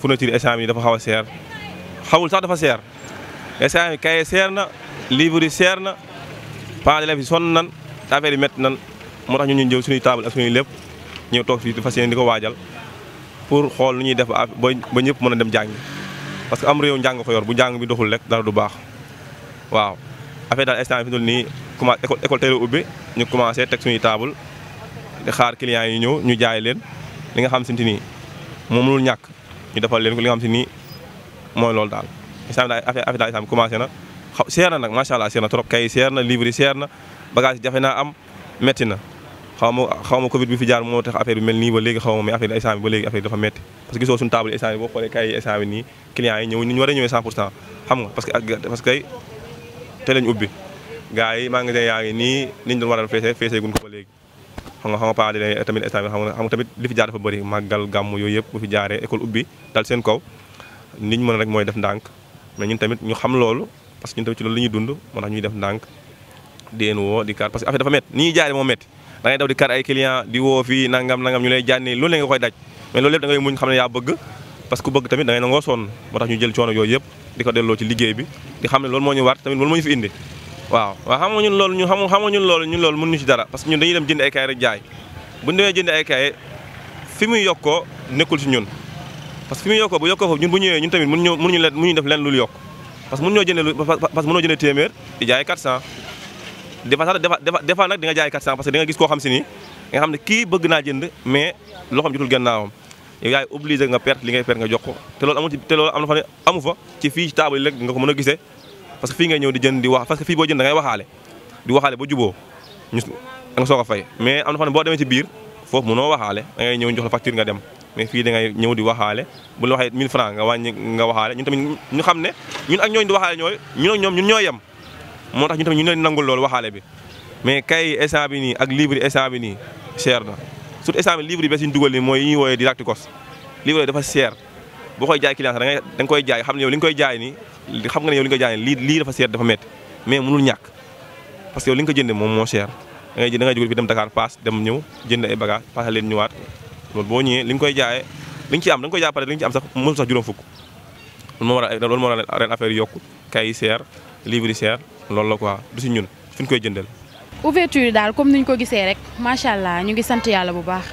fourniture essence bi dafa xaw a seer xawul sax dafa seer essence bi kaye seer na livre yi seer na pas d'élèves yi sonn nan affaire yi nan moo tax ñun ñu jël suñuy table ak suñuy lépp ñëw toog fii fas seen di ko waajal pour xool nu ñuy def ba ba ñëpp mën a dem jàngi parce que am réew njàng fa yor bu njàng bi doxul rek dara du baax waaw affaire daal instant fi dul nii commencé école école tey la ubbi ñu commencé teg suñuy table xaar clients yi ñëw ñu jaay leen li nga xam si ni moom lu ñàkk ñu defal leen ko li nga xam si nii mooy loolu daal instant daal affaire daal instant commencé na xaw seer na nag macha allah seer na trop kay seer na livre yi seer na bagage jafe naa am métti na xaw ma xaw ma Covid bi fi jaar moo tax affaire bi mel nii ba léegi xaw ma mais affaire bi ba bi dafa metti parce que gisoo suñu table instant bi boo xoolee yi ñëw ñu war a ñëwee parce que ak parce que tey nii niñ doon waral feesee feesee gun ko ba xam nga xam nga paadi tamit bi li fi jaar dafa bëri màggal gàmm yooyu yëpp bu fi jaaree école ubbi dal seen rek mooy def ndànk mais ñun tamit ñu xam loolu parce que ñun tamit ci loolu dund moo tax ñuy def ndànk di leen woo di kaat da ngay daw di kar ay client di woo nangam nangam ñu lay jànni loolu la nga koy daj mais loolu lépp da muñ xam ne yaa bëgg parce que ku bëgg tamit da ngay nangoo sonn moo tax ñu jël coono yooyu yëpp di ko delloo ci liggéey bi di xam ne loolu moo ñu war tamit loolu moo ñu fi indi waaw waaw xam ñun loolu ñu xam nga ñun loolu ñun loolu mënuñu ci dara parce que ñun dañuy dem jënd ay kaye rek jaay bu ñu demee jënd ay kaye fi muy yokkoo nekkul ci ñun parce fi muy yokkoo bu yokkoo des nag di nga jaay 400 parce que di nga gis koo xam si ni nga xam ne kii bëgg naa jënd mais loxoom jotul gannaawam yow yaay obligé nga perte li nga jox ko te lool amul te loolu am na fa ci fii ci table yi nga ko mën a gise parce que fii ngay ñëw jënd di wax parce que fii boo jënd da ngay waxaale di waxaale ba juboo nga soog a fay mais am na fa ne boo demee ci biir foofu mënoo waxaale da ñëw ñu jox la facture nga dem mais fii da ngay ñëw di waxaale bu la waxee 1000 francs nga wàññi nga waxaale ñun tamit xam ne ñun ak ñooñu di waxaale ñooy ñun ñoo yem moo tax ñu tamit ñu leen nangul loolu waxaale bi mais kay instant bi nii ak livre instant bi nii cher na surtout instant bi livre yi ba si ñu dugal nii mooy yi ñuy woowee didacticos livre yooyu dafa cher boo koy jaay client da ngay nga koy jaay xam ne yow li koy jaay nii xam nga nga koy jaay lii lii dafa cher dafa métti mais mënul ñàkk parce que yow li nga ko moom moo cher da ngay jënd dem Dakar paas ñëw jënd ay bagage leen ñëwaat loolu boo ñëwee li nga koy jaayee li nga am da nga koy jaay pare li nga ci am sax mënul sax juróom fukk loolu moo waral loolu moo ren affaire yokk yokku kay yi livre yi seer loolu la quoi du si ñun fi ñu koy jëndal. ouverture yi daal comme ni ñu ko gisee rek macha allah ñu ngi sant yàlla bu baax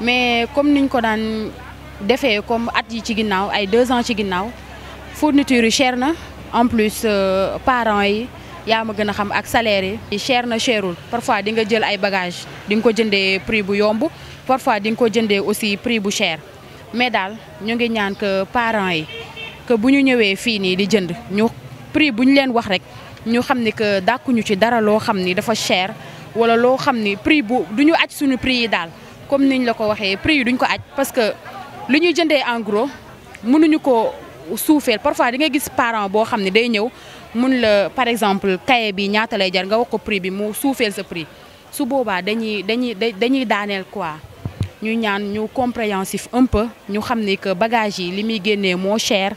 mais comme niñ ko daan defee comme at yi ci ginnaaw ay deux ans ci ginnaaw fourniture yi cher na en plus euh, parents yi yaa ma gën a xam ak salaire yi. cher na cherul parfois di nga jël ay bagage di nga ko jëndee prix bu yomb parfois di nga ko jëndee aussi prix bu cher mais daal ñu ngi ñaan que parents yi que bu ñu ñëwee fii nii di jënd prix bu ñu leen wax rek ñu xam ni que dàkkuñu ci dara loo xam ni dafa cher wala loo xam ni prix bu du ñu aj suñu prix yi daal comme niñ la ko waxee prix yi duñ ko aj parce que lu ñuy jëndee en gros mënuñu ko suufeel parfois di nga gis parent boo xam ne day ñëw mun la par exemple cahier bi ñaata lay jar nga wax ko prix bi mu suufeel sa prix su boobaa dañuy dañuy dañuy daaneel quoi ñu ñaan ñu compréhensif un peu ñu xam ni que bagage yi li muy génnee moo cher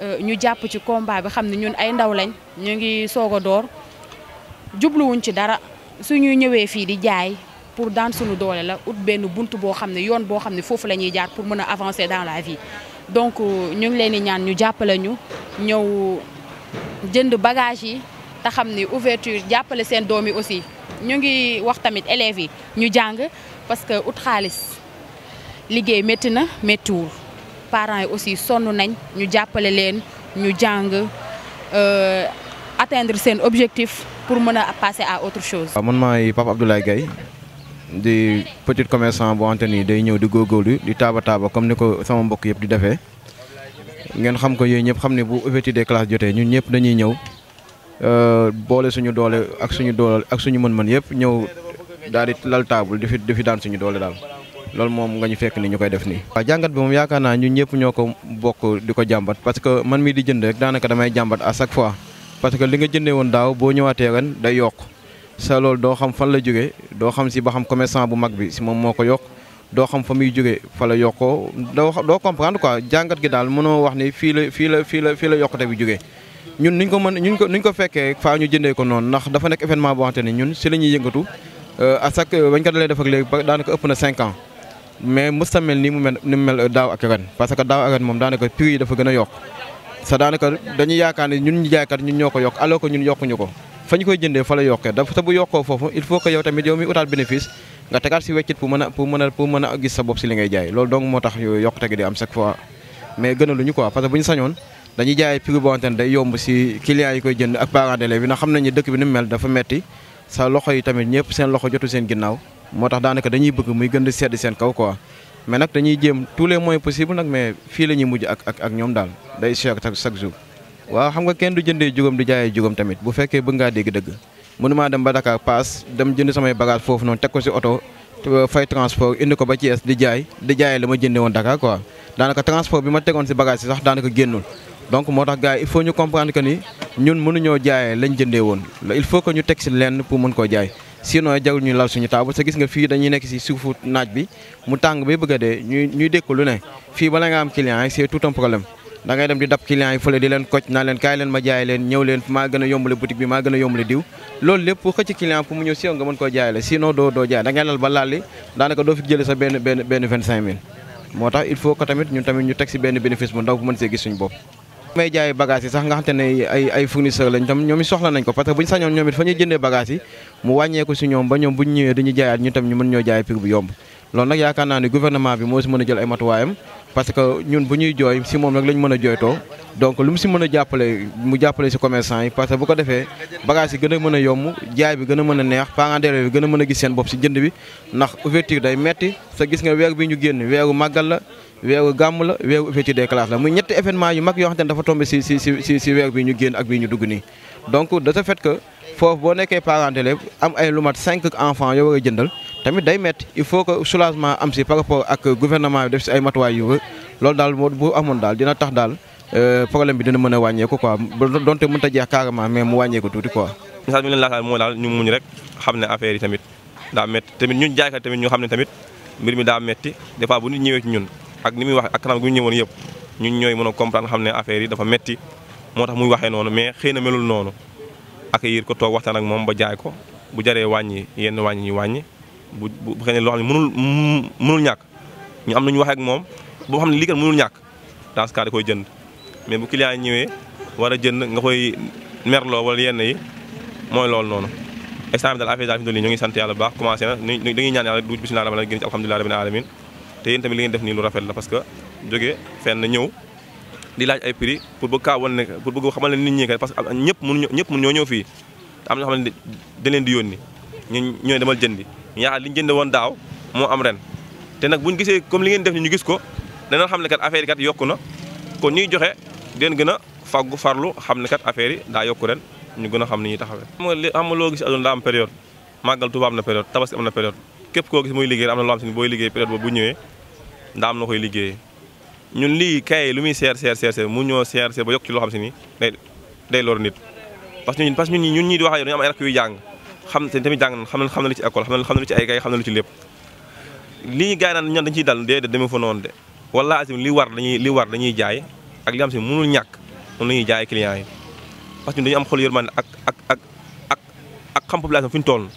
Euh, ñu jàpp ci combat bi xam ne ñun ay ndaw lañ ñu ngi soog a door jubluwuñ ci dara suñuy ñëwee fii di jaay pour daan suñu doole la ut benn bunt boo xam ne yoon boo xam ne foofu la ñuy jaar pour mën a avancer dans la vie donc euh, ñu ngi leen di ñaan ñu jàppale ñu ñëw jënd bagage yi te xam ni ouverture jàppale seen doom yi aussi ñu ngi wax tamit élèves yi ñu jàng parce que ut xaalis liggéey métti na méttiwul parents yi aussi sonn nañ ñu jàppale leen ñu jàng euh, attendre seen objectif pour mën a passer à autre chose. waaw man maay Pape Abdoulaye Gaye di petit commerçant bu antenne yi day ñëw di góorgóorlu di taaba taaba comme ni ko sama mbokk yëpp di defee ngeen xam ko yooyu ñëpp xam ne bu ouverture des jotee ñun ñëpp dañuy ñëw euh, boole suñu doole ak suñu doole ak suñu mën-mën yëpp ñëw daal di lal taabul di fi di daan suñu doole daal. loolu moom nga ñu fekk ni ñu koy def nii waaw jàngat bi moom yaakaar naa ñun ñëpp ñoo ko bokk di ko jàmbat parce que man mii di jënd rek daanaka damay jàmbat à chaque parce que li nga jëndee woon daaw boo ñëwaatee ren day yokk sa loolu doo xam fan la jógee doo xam si ba xam commerçant bu mag bi si moom moo ko yokk doo xam fa muy jógee fa la yokkoo doo doo comprendre quoi jàngat gi daal mënoo wax ni fii la fii la fii la fii la yokkute bi jóge ñun niñ ko mën n ko niñ ko fekkee faa ñu jëndee ko noonu ndax dafa nekk boo xamante ne ñun si la ñuy yëngatu euh, à chaque bañ ko daanaka ëpp na 5 mais mosut a mel nii mu mel ni mu daaw ak ren parce que daaw ak ren moom daanaka prix yi dafa gën a yokk sa daanaka dañuy yaakaar ñun ñu jaaykat ñun ñoo ko yokk alors que ñun yokkuñu ko fa ñu koy jëndee fa la yokkee dafa te bu yokkoo foofu il faut que yow tamit yow mi utaat bénéfice nga tegaat a pour mën a a gis sa bopp moo tax yokkute gi di am chaque fois mais gënaluñu quoi parce que bu ñu sañoon dañuy jaay prix boo xamante day yomb si clients yi koy jënd ak parents d'élèves yi xam nañu dëkk bi ni mel dafa metti sa loxo tamit ñëpp seen loxo jotu seen ginnaaw moo tax daanaka dañuy bëgg muy gën di sedd seen kaw quoi mais nag dañuy jéem tous les moyens possibles nag mais fii la ñuy mujj ak ak ak ñoom daal day échec chaque jour. waaw xam nga kenn du jëndee jugam di jaayee jugam tamit bu fekkee bëgg ngaa dégg dëgg mënumaa dem ba Dakar paas dem jënd samay bagage foofu noonu teg ko si oto euh, fay transport indi ko ba Thiès di jaay di jaayee la ma jëndee woon Dakar quoi daanaka transport bi ma tegoon si bagage yi sax daanaka génnul. donc moo tax gars yi ñu comprendre que ni ñun mënuñoo jaayee lañ jëndee woon il faut que ñu teg si lenn pour mën koo jaay sinon jagul ñu lal suñu taabal sa gis nga fii dañuy nekk si suufu naaj bi mu tàng bay bëgg a ñuy ñuy lu ne fii bala nga am client yi c'est tout un problème dem di dab client yi fële di leen koj naa leen kaay leen ma jaay leen ñëw leen maa gën a yombale boutique bi maa gën a yombale diw loolu lépp xëcc client pour mu ñëw si yow nga mën koo jaay la sinon doo doo jaay da lal ba lalli daanaka doo fi jëlee sa benn benn benn mu wàññeeku si ñoom ba ñoom bu ñu ñëwee dañuy jaayaat ñu tam ñu mën ñoo jaay prix bu yomb loolu nag yaakaar naa ne gouvernement bi moo si mën a jël ay matuwaayam parce que ñun bu ñuy jooy si moom nag lañ mën a jooytoo donc lu mu si mën a jàppale mu jàppale si commerçant yi parce que bu ko defee bagage yi gën a mën a yomb jaay bi gën a mën a neex parents d'élèves bi gën a mën a gis seen bopp si jënd bi ndax ouverture day metti sa gis nga weer bi ñu génn weeru màggal la weeru gàmm la weeru ouverture des classes la muy ñetti événement yu mag yoo xam ne dafa tombé si si si si si weer bi ñu génn ak bi ñu dugg nii foofu boo nekkee parent d'élève am ay lu mat cinq enfants yoo war a jëndal tamit day métti il faut que soulagement am si par rapport ak guvernement bi def si ay matuwaay yu loolu daal moo bu amoon daal dina tax daal euh, problème bi dina mën a wàññeeku quoi donte a jeex mais mu wàññeeku tuuti quoi. message bi ñu leen laajal rek xam ne affaire yi tamit daa métti tamit ñun jaaykat tamit ñu xam ne tamit mbir mi daa métti des fois bu nit ñëwee ci ñun ak ni muy wax ak kanam gu ñu ñëwoon yëpp ñun ñooy mën a comprendre xam ne affaire yi dafa métti moo tax muy waxee noonu mais xëy na melul noonu accueillir ko toog waxtaan ak moom ba jaay ko bu jaree wàññi yenn wàññi ñu wàññi bu bu xëy ne loo xam ne mënul mënul ñàkk ñu am nañu waxee ak moom boo xam ne lii kat mënul ñàkk dans ce cas da koy jënd mais bu client yi ñëwee war a jënd nga koy merloo wala yenn yi mooy loolu noonu instant bi daal affaire daal fi doon ñu ngi sant yàlla baax commencé na dañuy ñaan yàlla du bismillah rahmaan rahim génn ci alhamdulilah te yéen tamit li ngeen def nii lu rafet la parce que jóge fenn ñëw di laaj ay prix pour bëgg kaa wan ne pour bëgg xamal ne nit ñi kay parce que ñëpp mënuñu ñëpp mën ñoo fii te am na xam ne da leen di yónni ñu ñooy demal jëndi yaakaar li ñu jënd woon daaw moo am ren te nag buñu gisee comme li ngeen def ni ñu gis ko danañ xam ne kat affaire yi kat na kon ñuy joxe den gën a fàggu farlu xam ne kat affaire yi daa ren ñu gën a xam ni ñuy taxawee xam nga loo gis aduna daa am période màggal Tuuba am na période tabaski am na période képp koo gis muy liggéey am na loo xam si booy liggéey période boobu bu ñëwee daa am na koy liggéey ñun lii kaye lu muy seer seer seer seer mu ñoo seer seer ba yokk ci loo xam si ni day day lor nit parce que ñun parce que ñun ñun ñii di wax yow dañu am ay rakk yu jàng xam te tamit jàng xam xam na lu ci école xam na lu ci ay kay xam na lu ci lépp li ñu gaay naan ñan dañu ci dal déedéet demee fa noonu de wala asim li war dañuy li war dañuy jaay ak li xam si mënul ñàkk mënu lañuy jaay clients yi parce que ñun dañu am xol yërmande ak ak ak ak ak xam population fi ñu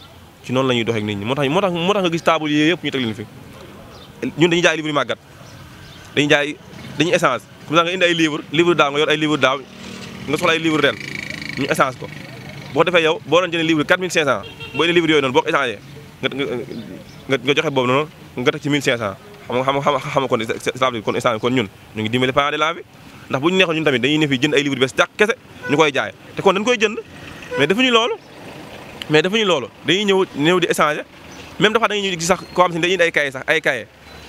ci noonu la ñuy doxee nit ñi moo tax moo tax moo tax nga gis ñu teg ñun dañuy jaay livre yu dañu jaay dañuy essence comme ça nga indi ay livre livre daaw nga yor ay livre daaw soxla ay livre ren ñu essence ko boo defee yow boo doon jëndee livre 4500 boo indee livre yooyu noonu boo ko échangé nga nga joxe boobu noonu nga teg ci 1500 xam nga xam nga xam nga kon islam bi kon islam kon ñun ñu ngi dimbali parents d'élèves bi ndax bu ñu neexoon ñun tamit dañuy ne fi jënd ay livre ñu koy jaay te kon dañ koy jënd mais defuñu loolu mais même dafa dañuy ñëw di sax koo xam si dañuy indi ay ay cahier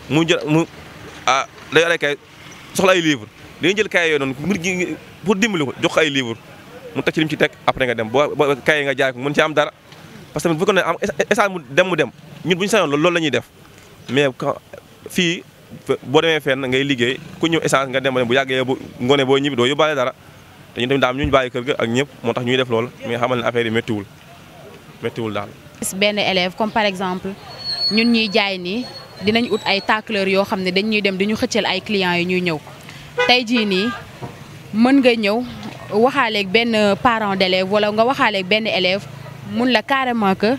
mu mu ah, day yore kay soxla ay livre dañuy jël kaay yooyu noonu pour dimbali jox ko ay livre mu ci li ci teg après nga dem boo kaay nga jaay ko mën ci am dara parce que bu dem mu dem ñun bu ñu sañoon loolu la def mais fii boo demee fenn ngay liggéey ku ñëw essence nga dem ba dem bu yàggee bu ngoonee boo ñibbi doo yóbbaale dara te ñun tamit daam ñu ñu bàyyi kër ga ak ñëpp moo tax ñuy def loolu mais xamal ne affaire yi méttiwul daal. benn élève dinañ ut ay tacleur yoo xam ne dañuy dem di ñu xëccal ay client yi ñuy ñëw tey jii nii mën nga ñëw waxaaleeg benn parent d'élève wala nga waxaaleeg benn élève mun la carrément que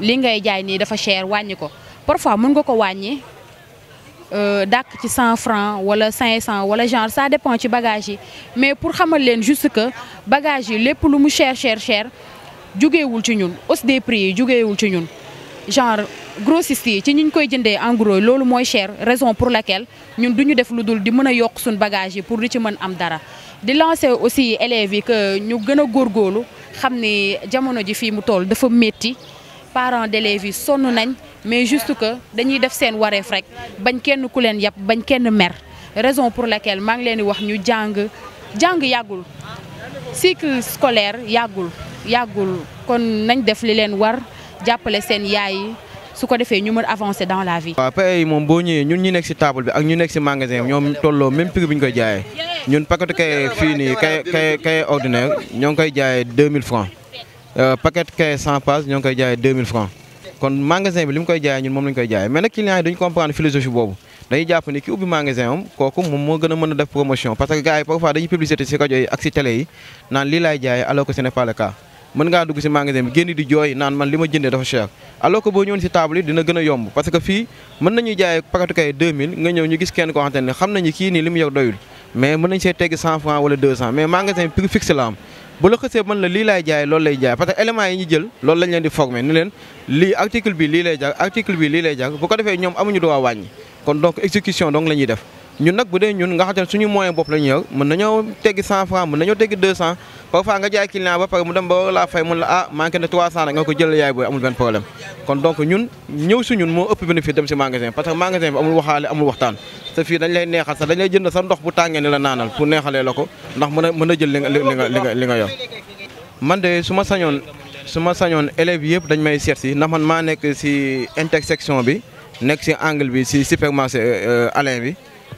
li ngay jaay nii dafa cher wàññi ko parfois mun nga ko wàññi euh, dàkk ci cent franc wala cinq cent wala genre ça dépend ci bagage yi mais pour xamal leen juste que bagage yi lépp lu mu cher cher cher jógeewul ci ñun hausse des prix yi jógeewul ci ñun genre grossiste yi ci ñu koy jëndee en loolu mooy cher raison pour laquelle ñun duñu def lu dul di mën a yokk suñ bagage yi pour di ci mën am dara di lancer aussi élèves yi que ñu gën a góorlu xam ni jamono ji fii mu tool dafa métti parents d'élèves yi sonn nañ mais juste que dañuy def seen wareef rek bañ kenn ku leen yàpp bañ kenn mer raison pour laquelle maa ngi leen di wax ñu jàng jàng yàggul cycle scolaire yàggul yàggul kon nañ def li leen war jàppale seen yaay yi su ko defee ñu mën avancer dans la vie. waaw paye yi moom boo ñëwee ñun ñu nekk si table bi ak ñu nekk si magasin bi ñoom tolloo même prix bi ñu koy jaayee ñun paquet kay fii kay ordinaire ñoo ngi koy jaayee 2000 francs euh, paquet kay 100 pages ñoo ngi koy jaayee 2000 francs kon magasin bi li mu koy jaayee ñun moom la ñu koy jaayee mais nag client yi duñu philosophie boobu dañuy jàpp ni ki ubbi magasin am kooku moom moo gën a mën a def promotion parce que gars yi parfois dañuy publicité laay jaayee alors que mën ngaa dugg si magasin bi génn di jooy naan man li ma jëndee dafa cher alors que boo ñëwoon si table yi dina gën a yomb parce que fii mën nañuy jaay paquetu kay 2000 nga ñëw ñu gis kenn koo xamante ne xam nañu kii nii li mu yor doyul mais mën nañ see tegg 100 francs wala 200 mais magasin prix la am bu la xësee mën la lii laay jaay loolu lay jaay parce que éléments yi ñu jël loolu lañ leen di former ni leen lii article bi lii lay jar article bi lii lay jar bu ko defee ñoom amuñu droit wàññi ñun nag bu dee ñun nga xam te suñu moyen bopp la ñu yor mën nañoo teggi cent franc mën nañoo teggi deux cent parfois nga jaay client ba pare mu dem ba war laa fay mun la ah manqué na nga ko jël yaay booy amul benn problème kon donc ñun ñëw si ñun moo ëpp bénéfice dem si magasin parce que magasin bi amul waxaale amul waxtaan te fii dañ lay neexal sax dañ lay jënd sa ndox bu tàngee ni la naanal pour neexalee la ko ndax mën a mën a jël li nga li nga li nga man de su ma sañoon su ma sañoon élèves yëpp dañ may seet si ndax man maa nekk si intersection bi nekk si angle bi si supermarché euh, Alain bi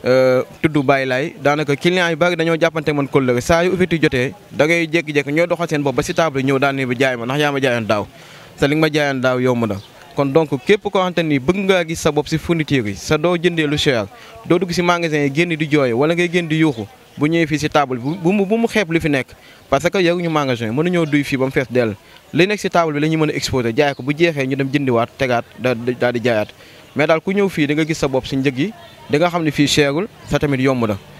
Euh, tudd Baye Laye daanaka client yu bari dañoo jàppante man kóllëre saa yu ufitu jotee dangay ngay jékki-jékki ñoo doxal seen bopp ba si table ñëw daan ne bi jaay ma ndax yaa ma jaayoon daaw sa li nga ma jaayoon daaw yomb na kon donc képp koo xamante ni bëgg ngaa gis sa bopp si fourniture yi sa doo jëndee lu cher doo dugg si magasin yi génn di jooy wala ngay génn di yuuxu bu ñëwee fii si table bi bu bu mu xeeb li fi nekk parce que yaruñu magasin mënuñoo duy fii ba mu fees dell li nekk si table bi la ñu mën a exposé jaay ko bu jeexee ñu dem jëndiwaat tegaat daal di jaayaat mais daal ku ñëw fii di gis sa bopp si njëg yi di xam ne fii seerul sa tamit yomb na